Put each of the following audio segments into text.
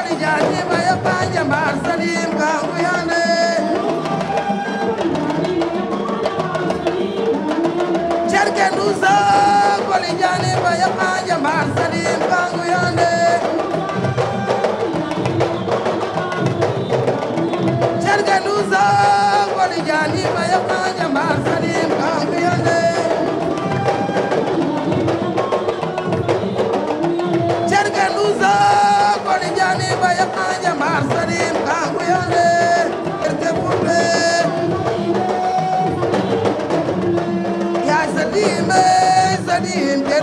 I'm Marzalim.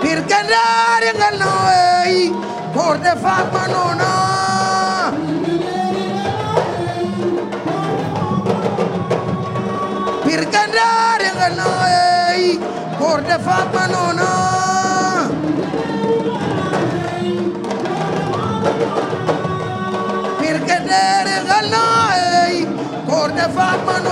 Pirkandar yang kenal buur dafa mënoona bir ke deere xal na ey buur dafa mënoona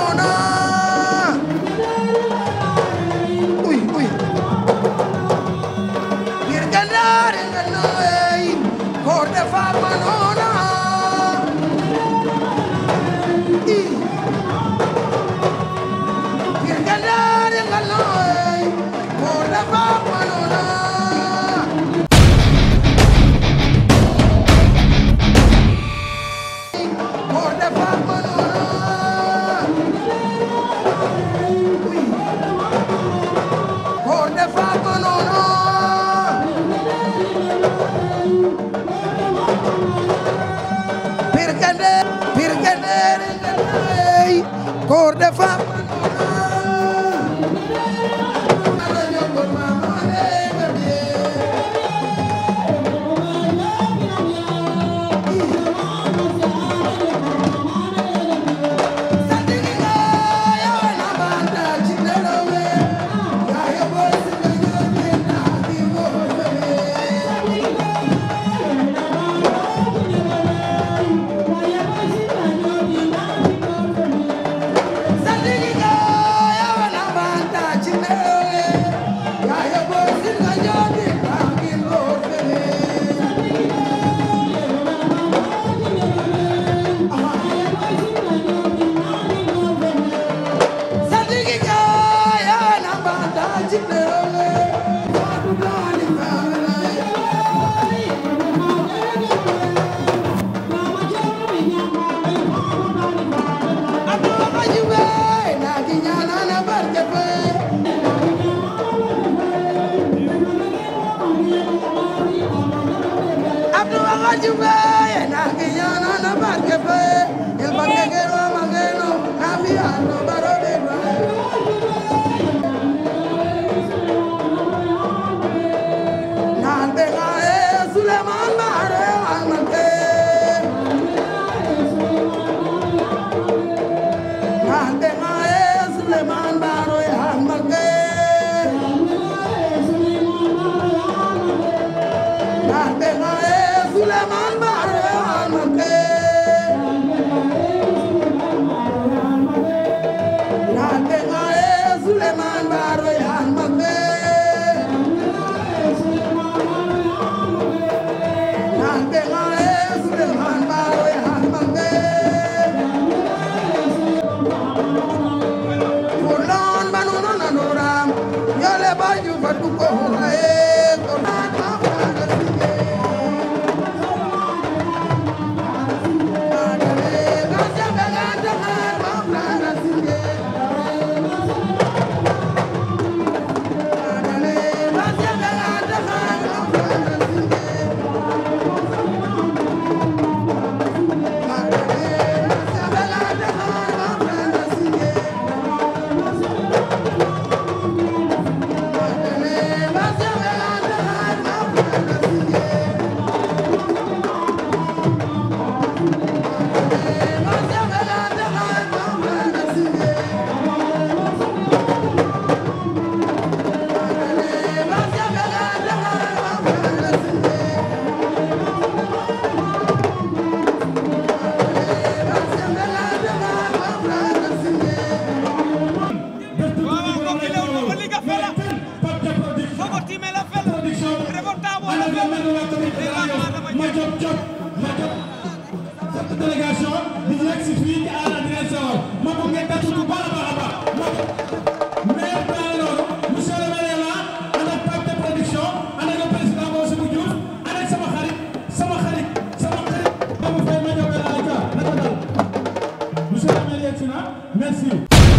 yegg si na merci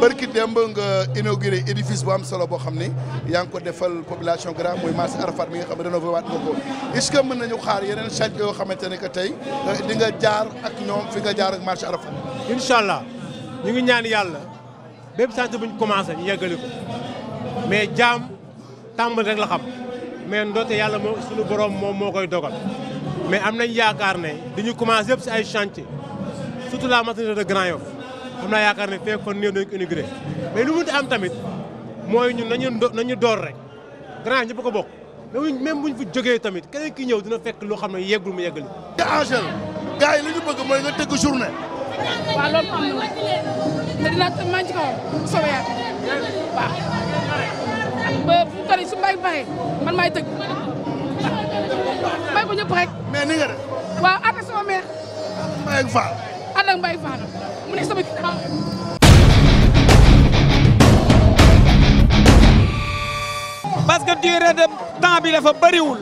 bërki démb nga inauguré édifice bu am solo boo xam ni yaa ngi ko defal population Grand muy marché Arafat mi nga xam ne rénové waat nga ko est que mën nañu xaar yeneen chantier yoo xamante ne que tey euh, di nga jaar ak ñoom fi nga jaar ak marché Arafat. incha allah ñu ngi ñaan yàlla bépp chantier bu ñu commencé ñu yeggali ko mais jaam tàmbali rek la xam mais ndoote yàlla moo suñu borom moom moo koy dogal mais am nañ yaakaar ne dañu commencé yëpp si ay chantier surtout la maternité de Grand am naa yaakaar ne fekk fan néew dañ ko mais lu mu am tamit mooy ñun nañu nañu door rek grand ñëpp ko bokk même buñ fi jógee tamit keneen ki ñëw dina fekk loo xam ne yeggul mu yeggali. Angèle gars yi li ñu bëgg mooy nga tëgg journée. waaw loolu te dinaa mën ci kawam bu tari su mbay baaxee man tëgg may ko ñëpp rek. mais ni nga def. waaw affaire sama ak Mbaye Fana parce que durée de temps bi dafa bëriwul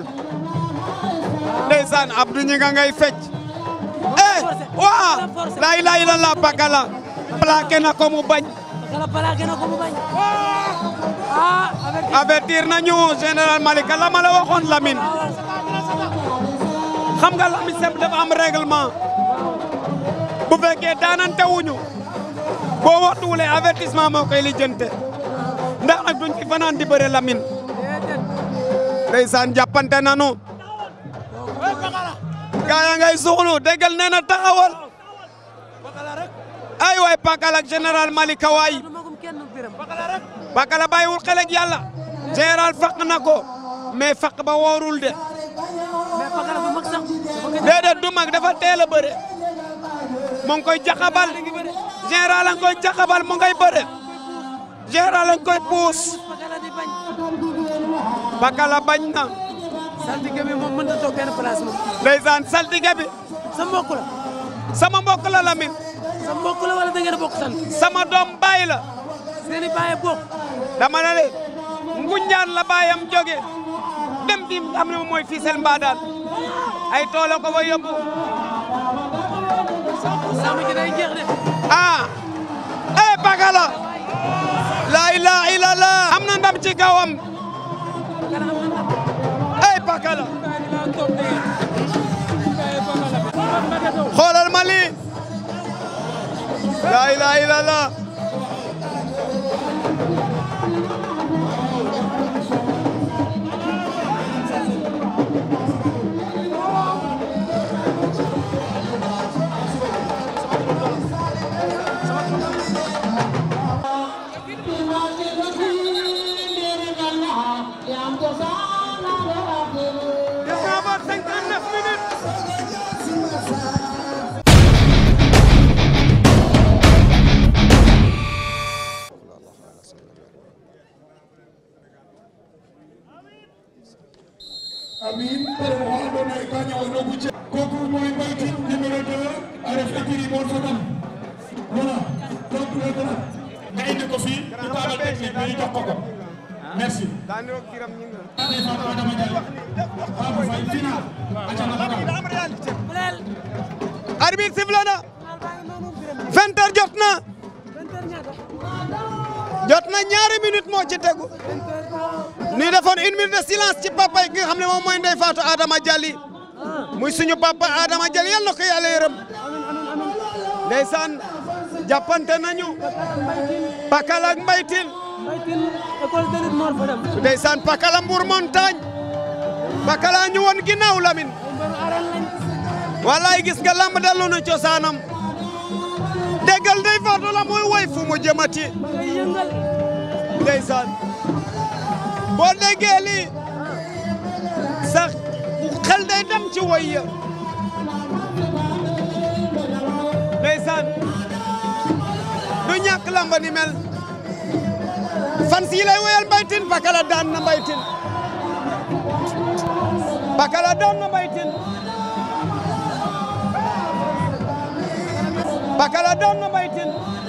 ndeysaan Abdou ñi nga ngay fecc eh waa laa ilaaha illallaah pakala na ko mu bañ plaqué na ko mu ah, ah, Malika la ma la waxoon xam nga Lamine Seck dafa am règlement bu fekkee daanante wuñu boo waxtuwulee avertissement moo koy lijjante ndax nag duñ fi fanaan di bëre Lamine. ndeysaan jàppante nanu gaa yaa ngay suxlu déggal nee na ay waay Pakala ak général Malika waay Pakala bàyyiwul xel ak yàlla général faq na ko mais faq ba woorul de déedéet du mag dafa teel a bëre mu ngi koy jaxabal général a ngi koy jaxabal mu ngay bëre général a ngi koy na. saltige bi moom mënut a toog benn place moom. ndeysaan saltige bi. sa mbokk sama mbokk la Lamine. sa mbokk la sama doom baay la. seen i baay bokk. dama ne leen. Ngunjaan la baayam mooy Fissel ay tool ko fa ah eh Pakala la ilaha illallah am na ndam ci kawam eh Pakala la ilaha illallah Muhammad sëñ jotna ñaari minute mo ci teggu ni defoon une minute de silence ci papa yi nga xamne mo moy ndey fatou Adama Jali muy suñu papa Adama Jali yalla ko yalla yeeram ndeysaan jappante nañu pakal ak mbaytin ndeysaan pakala Mbour montagne pakala ñu won ginaaw Lamine wallaay gis nga lamb dalu na ciosanam déggal ndey Faatu muy woy fu mu jëmati ndeysaan boo déggee lii xel day dem ci woy ya ndeysaan du ñàkk lamba ni mel fan si lay woyal mbaytin bakala daan na mbaytin bakala daan na mbaytin Bakara down my 18.